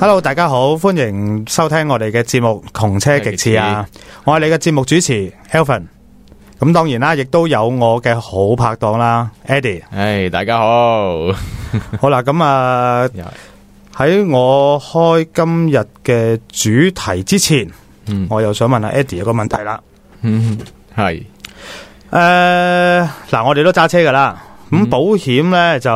hello，大家好，歡迎收聽我哋嘅節目《窮車極侈》啊！我係你嘅節目主持 Elvin。咁當然啦，亦都有我嘅好拍檔啦，Eddie。誒，hey, 大家好， 好啦，咁啊，喺我開今日嘅主題之前， 我又想問下 Eddie 一個問題啦。係 是。誒、呃，嗱，我哋都揸車噶啦，咁保險呢，就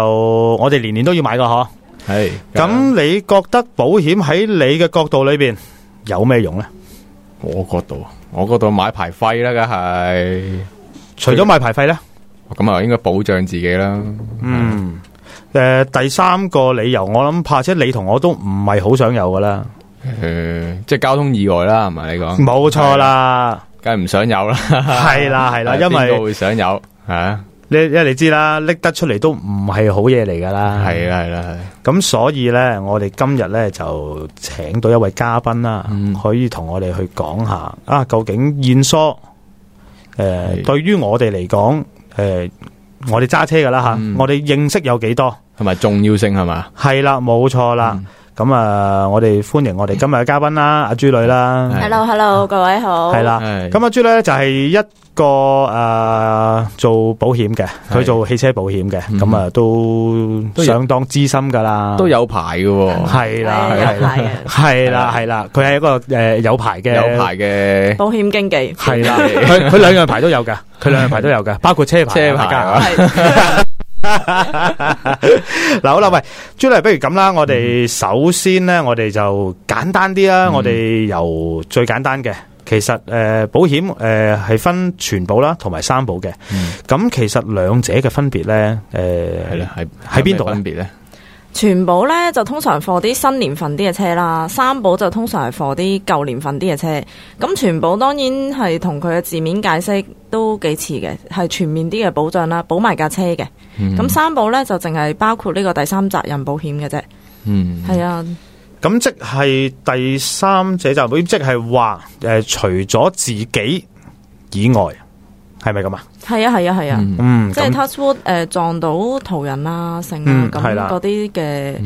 我哋年年都要買噶，嗬。係，咁你覺得保險喺你嘅角度裏邊有咩用咧？我角度，我角度買牌費啦，梗係。除咗買牌費咧，咁啊應該保障自己啦。嗯，誒，第三個理由我諗，怕車你同我都唔係好想有噶啦。誒，即係交通意外啦，係咪你講？冇錯啦，梗係唔想有啦。係啦係啦，因為邊個會想有啊？你一嚟知啦，拎得出嚟都唔係好嘢嚟噶啦。係啦，係啦，咁所以咧，我哋今日咧就請到一位嘉賓啦，嗯、可以同我哋去講下啊，究竟燕梳誒，呃、的對於我哋嚟講誒，我哋揸車噶啦吓，嗯、我哋認識有幾多，同埋重要性係嘛？係啦，冇錯啦。咁啊，我哋歡迎我哋今日嘅嘉賓啦，阿朱女啦。Hello，Hello，各位好。係啦，咁阿朱女咧就係一個誒做保險嘅，佢做汽車保險嘅，咁啊都相當資深噶啦，都有牌噶，係啦，係啦，係啦，係啦，佢係一個誒有牌嘅，有牌嘅保險經紀，係啦，佢佢兩樣牌都有噶，佢兩樣牌都有噶，包括車牌，車牌。嗱 好啦，喂，朱麗，不如咁啦，我哋首先咧，我哋就簡單啲啦，嗯、我哋由最簡單嘅，其實誒、呃，保險誒係分全保啦，同埋三保嘅，咁、嗯、其實兩者嘅分別咧，誒係啦，係喺邊度分別咧？全保咧就通常貨啲新年份啲嘅車啦，三保就通常係貨啲舊年份啲嘅車。咁全保當然係同佢嘅字面解釋都幾似嘅，係全面啲嘅保障啦，保埋架車嘅。咁、嗯、三保咧就淨係包括呢個第三責任保險嘅啫。嗯，係啊。咁即係第三者責任保險，即係話誒，除咗自己以外。係咪咁啊？係啊，係啊，係啊！嗯，即係 touch wood 誒，撞到途人啦，剩啊咁嗰啲嘅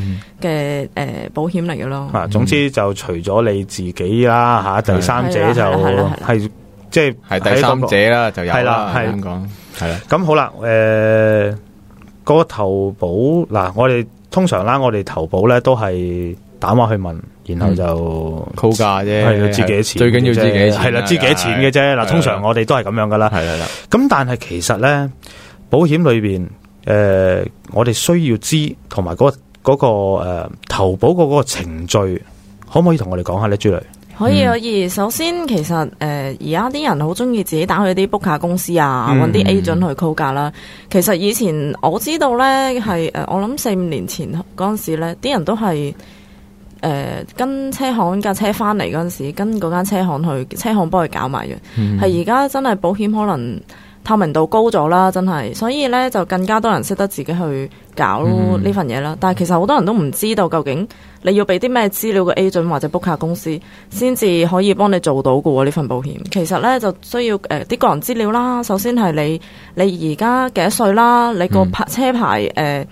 嘅誒保險嚟嘅咯。啊，總之就除咗你自己啦嚇，第三者就係即係係第三者啦就有啦。係咁講係啦。咁好啦，誒嗰個投保嗱，我哋通常啦，我哋投保咧都係。打電話去問，然後就估價啫，係要知幾多錢，最緊要知幾多錢係啦，知幾多錢嘅啫嗱。通常我哋都係咁樣噶啦。係係啦。咁但係其實咧，保險裏邊誒，我哋需要知同埋嗰個誒投保嘅個程序可唔可以同我哋講下咧？朱女可以可以。首先，其實誒而家啲人好中意自己打去啲 book 卡公司啊，搵啲 agent 去估價啦。其實以前我知道咧係誒，我諗四五年前嗰陣時咧，啲人都係誒、呃，跟車行架車翻嚟嗰陣時，跟嗰間車行去，車行幫佢搞埋嘅。係而家真係保險可能透明度高咗啦，真係。所以咧，就更加多人識得自己去搞呢份嘢啦。嗯、但係其實好多人都唔知道究竟你要俾啲咩資料嘅 agent 或者 broker 公司，先至、嗯、可以幫你做到嘅喎呢份保險。其實咧就需要誒啲、呃、個人資料啦。首先係你你而家幾多歲啦？你個牌車牌誒。呃嗯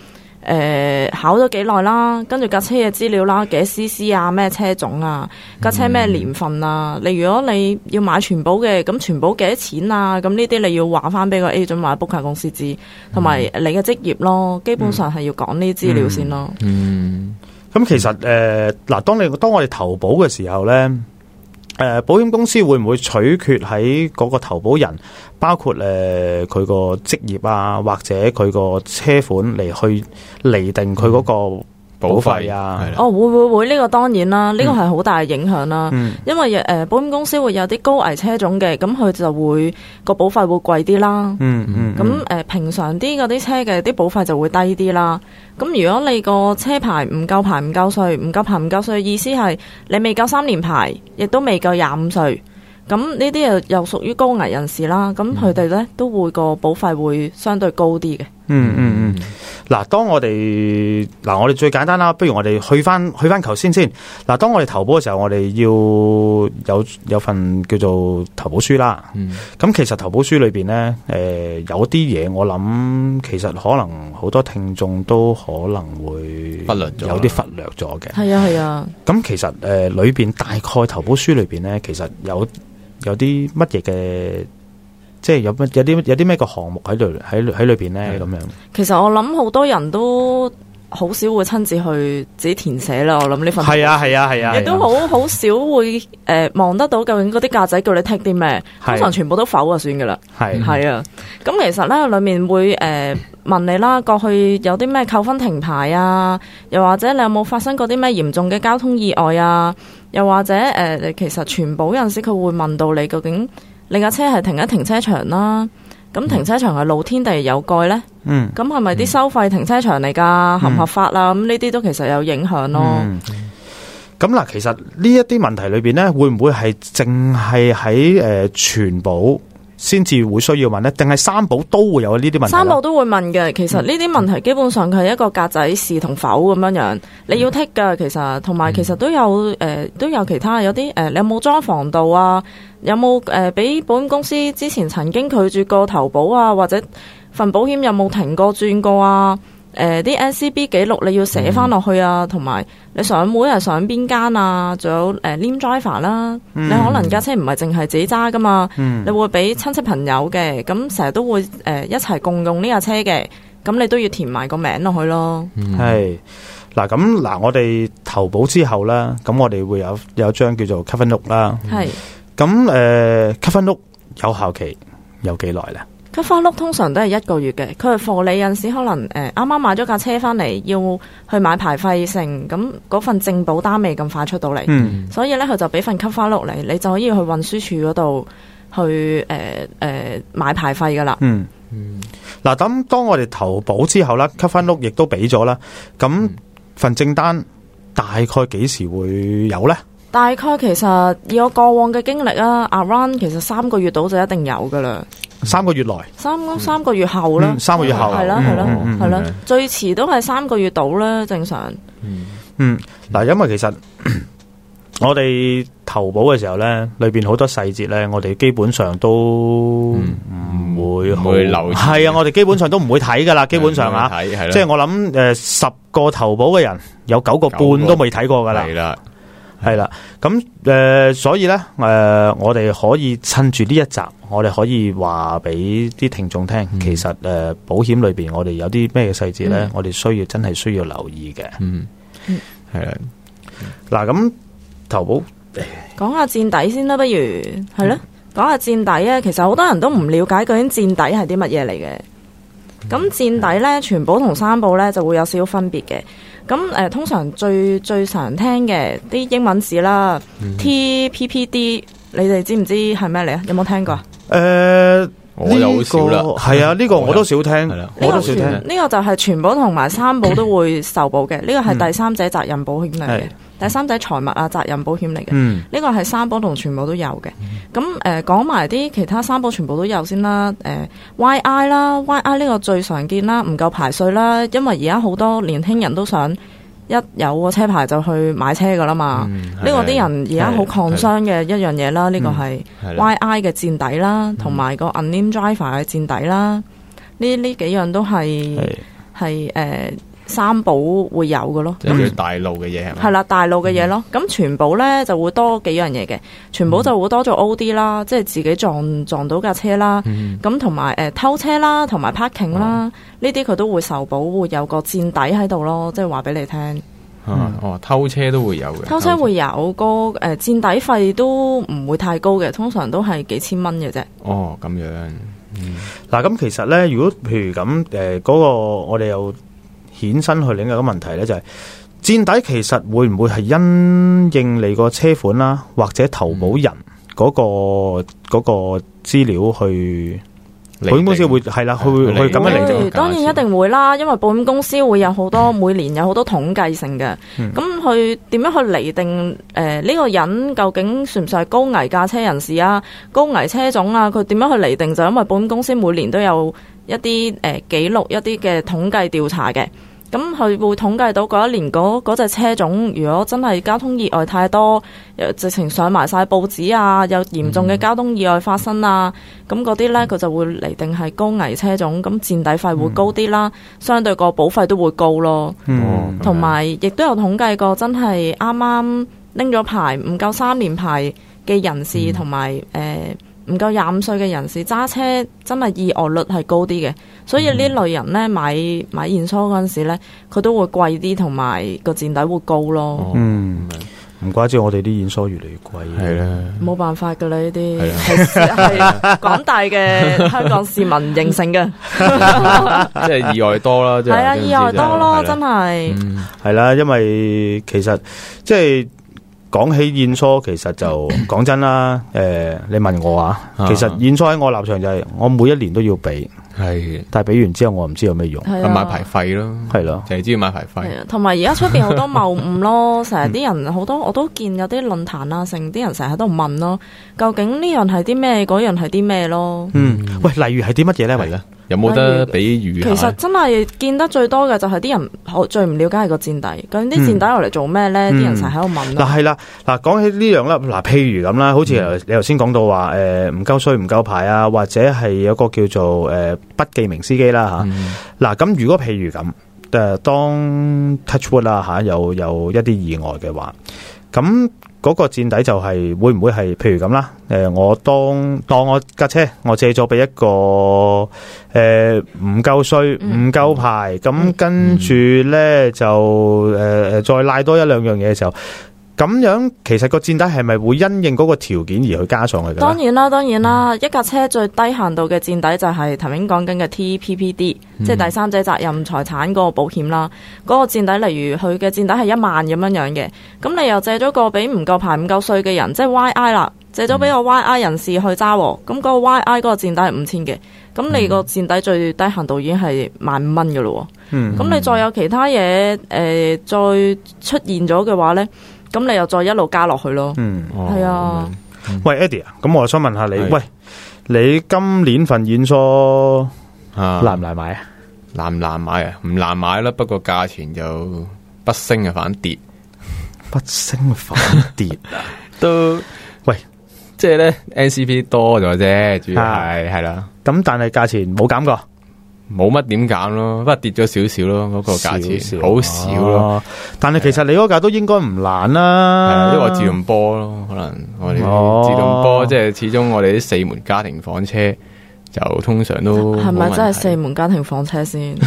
誒、呃，考咗幾耐啦？跟住架車嘅資料啦，幾多 CC 啊？咩車種啊？架車咩年份啊？嗯、你如果你要買全保嘅，咁全保幾多錢啊？咁呢啲你要話翻俾個 A 准或者 book 客、er、公司知，同埋、嗯、你嘅職業咯。基本上係要講呢啲資料先咯。嗯，咁、嗯嗯、其實誒，嗱、呃，當你當我哋投保嘅時候咧。呃、保險公司會唔會取決喺嗰個投保人，包括誒佢個職業啊，或者佢個車款嚟去釐定佢嗰個？保費啊，哦，哦會會會呢個當然啦，呢個係好大嘅影響啦，嗯、因為誒、呃、保險公司會有啲高危車種嘅，咁佢就會個保費會貴啲啦。嗯嗯，咁、嗯、誒、嗯呃、平常啲嗰啲車嘅啲保費就會低啲啦。咁如果你個車牌唔夠牌唔夠歲唔夠牌唔夠歲，夠夠歲意思係你未夠三年牌，亦都未夠廿五歲，咁呢啲又又屬於高危人士啦。咁佢哋咧都會個保費會相對高啲嘅。嗯嗯嗯，嗱、嗯，當我哋嗱，我哋最簡單啦，不如我哋去翻去翻頭先先。嗱，當我哋投保嘅時候，我哋要有有份叫做投保書啦。咁、嗯、其實投保書裏邊呢，誒、呃，有啲嘢我諗，其實可能好多聽眾都可能會忽略咗，有啲忽略咗嘅。係啊係啊。咁其實誒、呃，裏邊大概投保書裏邊呢，其實有有啲乜嘢嘅？即係有乜有啲有啲咩個項目喺度喺喺裏邊咧咁樣？其實我諗好多人都好少會親自去自己填寫啦。我諗呢份係啊係啊係啊，亦都好好少會誒望、呃、得到究竟嗰啲格仔叫你 tick 啲咩？的通常全部都否就算噶啦。係係啊，咁其實咧裏面會誒、呃、問你啦，過去有啲咩扣分停牌啊，又或者你有冇發生過啲咩嚴重嘅交通意外啊？又或者誒、呃，其實全保人士佢會問到你究竟？你架車係停喺停車場啦，咁停車場係露天定係有蓋咧？咁係咪啲收費停車場嚟噶？合唔合法啦、啊？咁呢啲都其實有影響咯。咁嗱，其實呢一啲問題裏邊咧，會唔會係淨係喺誒全保先至會需要問呢，定係三保都會有呢啲問題。三保都會問嘅，其實呢啲問題基本上佢係一個格仔是同否咁樣樣，你要剔噶。其實同埋其實都有誒、呃，都有其他有啲誒、呃，你有冇裝防盜啊？有冇誒俾保險公司之前曾經拒絕過投保啊？或者份保險有冇停過轉過啊？誒，啲 N C B 記錄你要寫翻落去啊，同埋你上每日上邊間啊，仲有誒 lim driver 啦，你可能架車唔係淨係自己揸噶嘛，你會俾親戚朋友嘅，咁成日都會誒一齊共用呢架車嘅，咁你都要填埋個名落去咯。係，嗱咁嗱，我哋投保之後咧，咁我哋會有有張叫做 cover note 啦。係，咁誒 cover note 有效期有幾耐咧？佢花碌通常都係一個月嘅，佢係貨你，有陣時可能誒啱啱買咗架車翻嚟要去買牌費，成咁嗰份正保單未咁快出到嚟，嗯、所以咧佢就俾份 c u 花碌嚟，你就可以去運輸處嗰度去誒誒、呃呃、買牌費噶啦、嗯。嗯，嗱、啊，咁當我哋投保之後咧 c u 翻碌亦都俾咗啦，咁份正單大概幾時會有咧？大概其實以我過往嘅經歷啊，阿 Run 其實三個月到就一定有噶啦。三個月內，三三個月後啦，三個月後係啦係啦係啦，最遲都係三個月到啦，正常。嗯，嗱，因為其實我哋投保嘅時候咧，裏邊好多細節咧，我哋基本上都唔會去留意。係啊，我哋基本上都唔會睇噶啦，基本上啊，係係，即係我諗誒，十個投保嘅人有九個半都未睇過噶啦。係啦，咁誒、呃，所以咧，誒、呃，我哋可以趁住呢一集，我哋可以話俾啲聽眾聽，嗯、其實誒、呃，保險裏邊我哋有啲咩細節咧，嗯、我哋需要真係需要留意嘅。嗯，係嗱，咁投保講下墊底先啦，不如係咯，講下墊底咧，其實好多人都唔了解究竟墊底係啲乜嘢嚟嘅。咁墊、嗯、底咧，全保同三保咧就會有少少分別嘅。咁誒，通常最最常聽嘅啲英文字啦、嗯、，T P P D，你哋知唔知係咩嚟啊？有、這、冇、個、聽過又啊？我又少啦。係啊，呢個我都少聽，我都少聽。呢、這個就係全保同埋三保都會受保嘅，呢個係第三者責任保險嚟嘅。嗯第三者財物啊，責任保險嚟嘅，呢、嗯、個係三保同全部都有嘅。咁誒講埋啲其他三保全部都有先啦。誒、呃、YI 啦，YI 呢個最常見啦，唔夠牌歲啦，因為而家好多年輕人都想一有個車牌就去買車噶啦嘛。呢、嗯、個啲人而家好 concern 嘅一樣嘢啦，呢個係 YI 嘅墊底啦，同埋、嗯、個 Unnamed Driver 嘅墊底啦。呢呢幾樣都係係誒。三保會有嘅咯，咁佢大陸嘅嘢係咪？係啦， 大陸嘅嘢咯。咁、嗯、全保咧就會多幾樣嘢嘅，全保就會多咗 O D 啦，嗯、即係自己撞撞到架車啦。咁同埋誒偷車啦，同埋 parking 啦，呢啲佢都會受保，會有個墊底喺度咯，即係話俾你聽、嗯啊。哦，偷車都會有嘅。偷車，偷車會有個誒墊、呃、底費都唔會太高嘅，通常都係幾千蚊嘅啫。哦，咁樣。嗱、嗯，咁、嗯啊、其實咧，如果譬如咁誒嗰個我哋有。衍生去另一個問題咧，就係墊底其實會唔會係因應你個車款啦，或者投保人嗰個嗰個資料去保險公司會係啦，佢佢咁樣嚟定？當然一定會啦，因為保險公司會有好多每年有好多統計性嘅，咁佢點樣去釐定？誒呢個人究竟算唔算係高危駕車人士啊？高危車種啊？佢點樣去釐定？就因為保險公司每年都有一啲誒記錄，一啲嘅統計調查嘅。咁佢會統計到嗰一年嗰嗰隻車種，如果真係交通意外太多，直情上埋晒報紙啊，有嚴重嘅交通意外發生啊，咁嗰啲呢，佢就會釐定係高危車種，咁墊底費會高啲啦，嗯、相對個保費都會高咯。同埋亦都有統計過，真係啱啱拎咗牌唔夠三年牌嘅人士同埋誒。嗯唔夠廿五歲嘅人士揸車真係意外率係高啲嘅，所以呢類人咧，買買燃梳嗰陣時咧，佢都會貴啲，同埋個墊底會高咯。哦、嗯，唔怪之我哋啲燃梳越嚟越貴，係咧、啊，冇辦法噶啦，呢啲係廣大嘅香港市民形成嘅，即係意外多啦，係啊，意外多咯，啊、真係係啦，嗯、因為其實即係。講起現初，其實就講 真啦，誒、欸，你問我啊，其實現初喺我立場就係，我每一年都要俾，係的，但係俾完之後我的，我唔知有咩用，係買牌費咯，係咯的，淨係知要買牌費。同埋而家出邊好多謬誤咯，成日啲人好多，我都見有啲論壇啊，成啲人成日喺度問咯，究竟樣，呢樣係啲咩，嗰樣係啲咩咯？嗯，喂，例如係啲乜嘢咧？維咧？有冇得比喻？其實真係見得最多嘅就係啲人好最唔了解係個墊底，咁啲墊底落嚟做咩咧？啲、嗯、人成日喺度問。但係啦，嗱，講起呢樣啦，嗱，譬如咁啦，好似你頭先講到話，誒、呃，唔夠稅唔夠牌啊，或者係有個叫做誒、呃、不記名司機啦吓。嗱、啊、咁、嗯啊、如果譬如咁，誒，當 touch wood 啦、啊、吓，有有一啲意外嘅話，咁。嗰個墊底就係會唔會係譬如咁啦？誒、呃，我當當我架車，我借咗俾一個誒，唔、呃、夠歲、唔夠牌，咁跟住呢，就誒誒、呃，再拉多一兩樣嘢嘅時候。咁樣其實個墊底係咪會因應嗰個條件而去加上去噶？當然啦，當然啦，一架車最低限度嘅墊底就係頭先講緊嘅 TPPD，即係第三者責任財產嗰、那個保險啦。嗰個墊底例如佢嘅墊底係一萬咁樣樣嘅，咁你又借咗個俾唔夠牌唔夠稅嘅人，即係 YI 啦，借咗俾個 YI 人士去揸，咁嗰、嗯、個 YI 嗰個墊底係五千嘅，咁你個墊底最低限度已經係萬五蚊嘅咯。嗯，咁你再有其他嘢誒、呃、再出現咗嘅話咧？咁你又再一路加落去咯，係、嗯哦、啊。嗯、喂，Eddie 啊，咁我想問下你，的喂，你今年份燕梳難唔難買啊？難唔難買啊？唔難買啦，不過價錢就不升啊，反跌，不升反跌 都喂，即係咧，NCP 多咗啫，主要係係啦。咁、啊、但係價錢冇減過。冇乜點減咯，不過跌咗少少咯，嗰、那個價錢好少，少、啊、少咯。但係其實你嗰架都應該唔難啦，因為我自動波咯，可能我哋自動波、哦、即係始終我哋啲四門家庭房車就通常都係咪真係四門家庭房車先？唔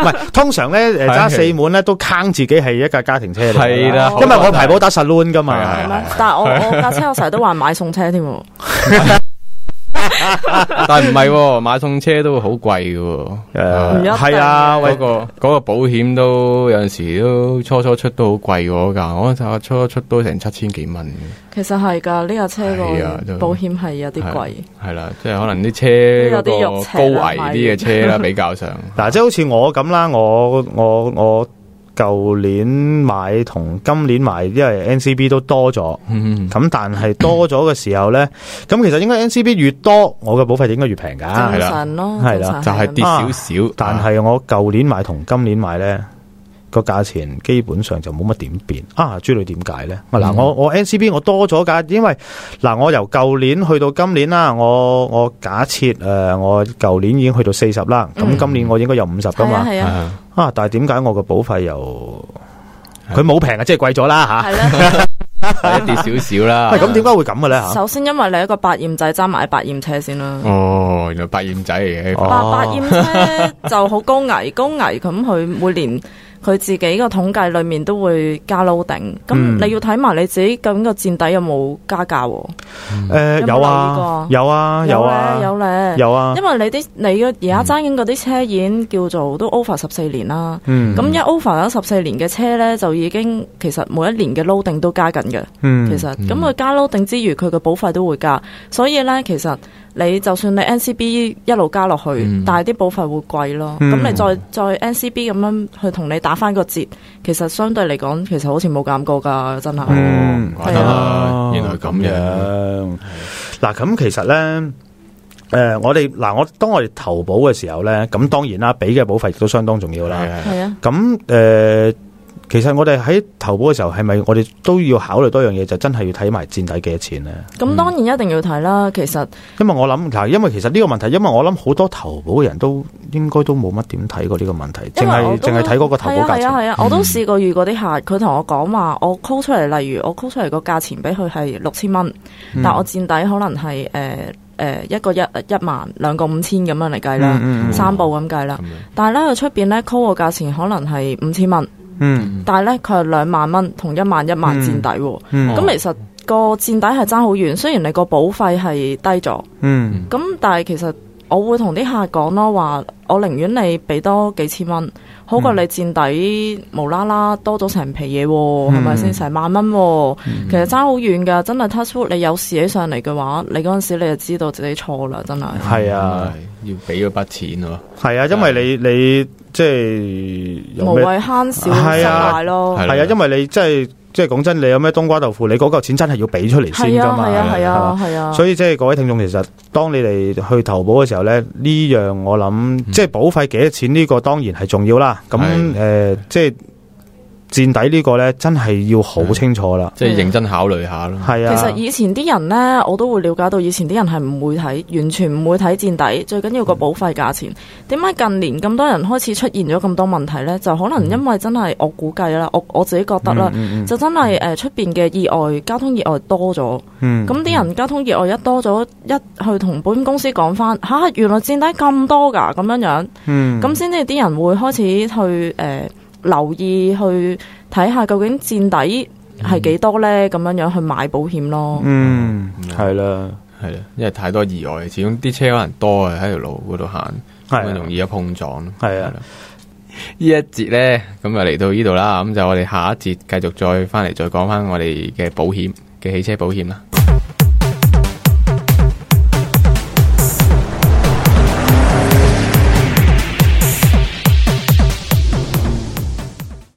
係 通常咧，誒揸四門咧都坑自己係一架家庭車嚟嘅，因為我排保打十輪噶嘛。的但係我我架車我成日都話買餸車添。 但係唔係，買送車都會好貴嘅，係啊，嗰喂、那個嗰、那個保險都有陣時都初初出都好貴噶，我睇下初初出都成七千幾蚊。其實係噶，呢、這、架、個、車個保險係有啲貴、啊。係啦、啊啊，即係可能啲車嗰個高危啲嘅車啦，比較上，嗱，即係好似我咁啦，我我我。我舊年買同今年買，因為 NCB 都多咗，咁、嗯、但係多咗嘅時候呢，咁 其實應該 NCB 越多，我嘅保費應該越平噶、啊，係啦，就係跌少少，啊、但係我舊年買同今年買呢。個價錢基本上就冇乜點變啊！朱女點解咧？嗱、啊啊，我我 N C B 我多咗㗎，因為嗱、啊，我由舊年去到今年啦，我我假設誒、呃，我舊年已經去到四十啦，咁今年我應該有五十噶嘛啊！但係點解我個保費又佢冇平啊，即係貴咗啦吓，係一啲少少啦。喂， 咁點解會咁嘅咧？首先，因為你一個百厭仔揸埋百厭車先啦。哦，原來百厭仔嚟嘅。哦、百百厭車就好高危， 高危咁佢每年。佢自己個統計裏面都會加 loading，咁你要睇埋你自己究竟個墊底有冇加價喎？嗯、有，有、這個、啊，有啊，有啊了了，有咧，有啊了。有，了因為你啲你而家揸緊嗰啲車險叫做都 over 十四年啦，咁、嗯、一 over 咗十四年嘅車咧就已經其實每一年嘅 loading 都加緊嘅，嗯、其實咁佢加 loading 之餘，佢嘅保費都會加，所以咧其實。你就算你 N C B 一路加落去，嗯、但係啲保費會貴咯。咁、嗯、你再再 N C B 咁樣去同你打翻個折，其實相對嚟講，其實好似冇減過噶，真係。嗯，啊、怪得、啊、應該，原來咁樣。嗱，咁其實咧，誒、呃，我哋嗱，我當我哋投保嘅時候咧，咁當然啦，俾嘅保費亦都相當重要啦。係啊。咁誒、啊。其實我哋喺投保嘅時候，係咪我哋都要考慮多樣嘢？就真係要睇埋墊底幾多錢呢？咁當然一定要睇啦。其實因為我諗，因為其實呢個問題，因為我諗好多投保嘅人都應該都冇乜點睇過呢個問題，淨係淨係睇嗰個投保價錢，係啊係啊，啊，啊，我都試過遇過啲客，佢同、嗯、我講話，我 call 出嚟，例如我 call 出嚟個價錢俾佢係六千蚊，嗯、但我墊底可能係誒誒一個一一萬，兩個五千咁樣嚟計啦，嗯嗯嗯哦、三步咁計啦。但係咧佢出邊咧，call 個價錢可能係五千蚊。嗯，但係咧佢係兩萬蚊同一萬一萬墊底，咁、嗯嗯、其實個墊、哦、底係爭好遠，雖然你個保費係低咗，咁、嗯、但係其實。我會同啲客講咯，話我寧願你俾多幾千蚊，好過你墊底無啦啦多咗成皮嘢，係咪先成萬蚊？其實爭好遠㗎，真係 touch wood。你有事起上嚟嘅話，你嗰陣時你就知道自己錯啦，真係。係啊，嗯、要俾嗰筆錢咯。係啊，因為你你即係無謂慳少，係啊，咯係啊，因為你即係。即係講真，你有咩冬瓜豆腐，你嗰嚿錢真係要俾出嚟先噶嘛？係啊，係啊，係啊。所以即係各位聽眾，其實當你哋去投保嘅時候咧，呢樣我諗、嗯、即係保費幾多錢呢個當然係重要啦。咁誒的、呃，即係。墊底呢個咧，真係要好清楚啦，即係認真考慮下啦。係啊，其實以前啲人咧，我都會了解到以前啲人係唔會睇，完全唔會睇墊底。最緊要個保費價錢，點解近年咁多人開始出現咗咁多問題咧？就可能因為真係、嗯、我估計啦，我我自己覺得啦，嗯嗯嗯、就真係誒出邊嘅意外，交通意外多咗。嗯。咁啲人交通意外一多咗，一去同保險公司講返，吓、啊、原來墊底咁多噶，咁樣樣。嗯。咁先至啲人會開始去誒。呃留意去睇下究竟墊底係幾多呢？咁樣、嗯、樣去買保險咯。嗯，係啦，係啦，因為太多意外，始終啲車可能多啊，喺條路嗰度行咁容易有碰撞。係啊，呢一節呢，咁啊嚟到呢度啦，咁就我哋下一節繼續再翻嚟再講翻我哋嘅保險嘅汽車保險啦。